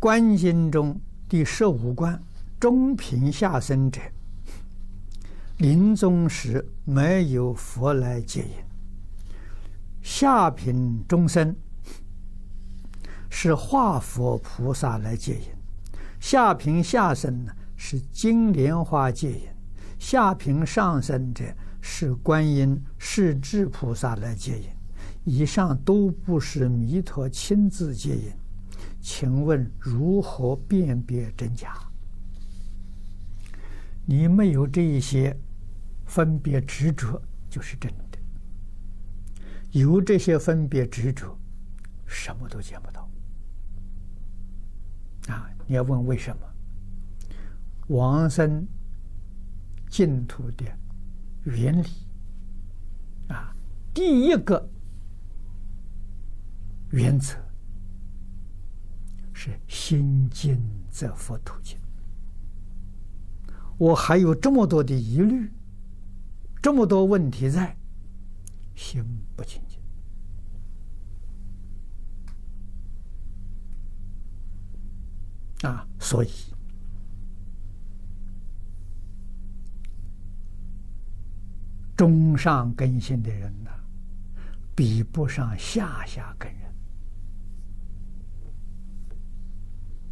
觀經中第十五觀，中品下生者，臨終時沒有佛來接引；下品中生是化佛菩薩來接引，下品下生呢是金蓮花接引，下品上生者是觀音勢至菩薩來接引，以上都不是彌陀親自接引。請問如何辨別真假？你沒有這一些分別執着，就是真的；有這些分別執着，什麼都見不到。啊！你要問為什麼？往生淨土的原理啊，第一個原則。是心淨則佛土淨。我還有這麼多的疑慮，這麼多問題在，心不清淨啊。所以，中上根性的人呢，比不上下下根人。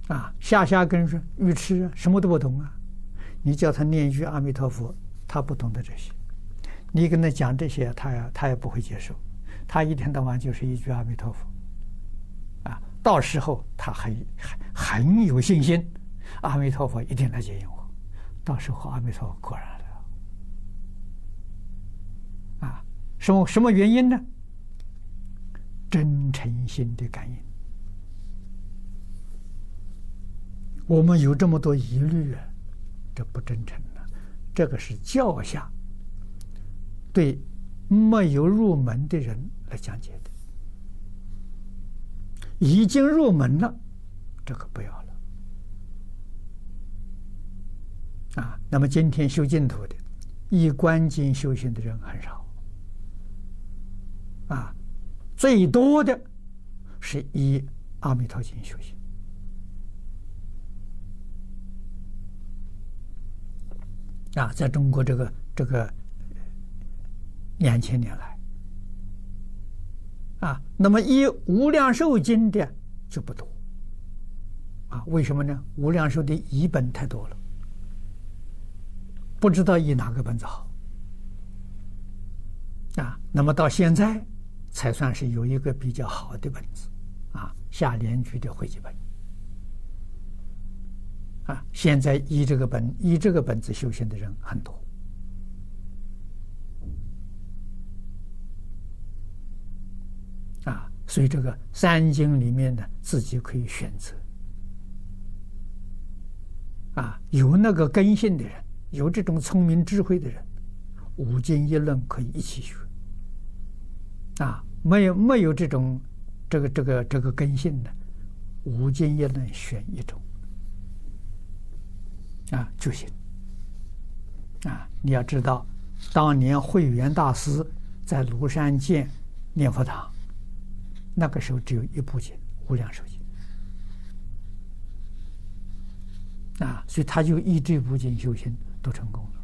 啊，下下根人說愚癡，啊，什麼都不懂啊！你叫他念一句阿彌陀佛，他不懂得這些。你跟他講這些，他他也不會接受。他一天到晚就是一句阿彌陀佛，啊，到時候他很很很有信心，阿彌陀佛一定來接應我。到時候阿彌陀佛果然來了，啊，什麼什麼原因呢？真誠心的感應。我們有這麼多疑慮啊，這不真誠了，啊。這個是教下對沒有入門的人來講解的，已經入門了，這個不要了。啊，那麼今天修淨土的，以觀經修行的人很少，啊，最多的是以阿彌陀經修行。啊，在中國這個這個兩千年來，啊，那麼譯《無量壽經》的就不多，啊，為什麼呢？無量壽的譯本太多了，不知道以哪個本子好，啊，那麼到現在才算是有一個比較好的本子，啊，夏蓮居的匯集本。啊，現在依這個本依這個本子修行的人很多啊，所以這個三經裡面呢，自己可以選擇啊，有那個根性的人，有這種聰明智慧的人，五經一論可以一起學啊，沒有沒有這種這個這個這個根性的，五經一論選一種。啊，就行。啊，你要知道，當年慧遠大師在廬山建念佛堂，那個時候只有一部經《無量壽經》啊，所以他就一依這部經修行，都成功了。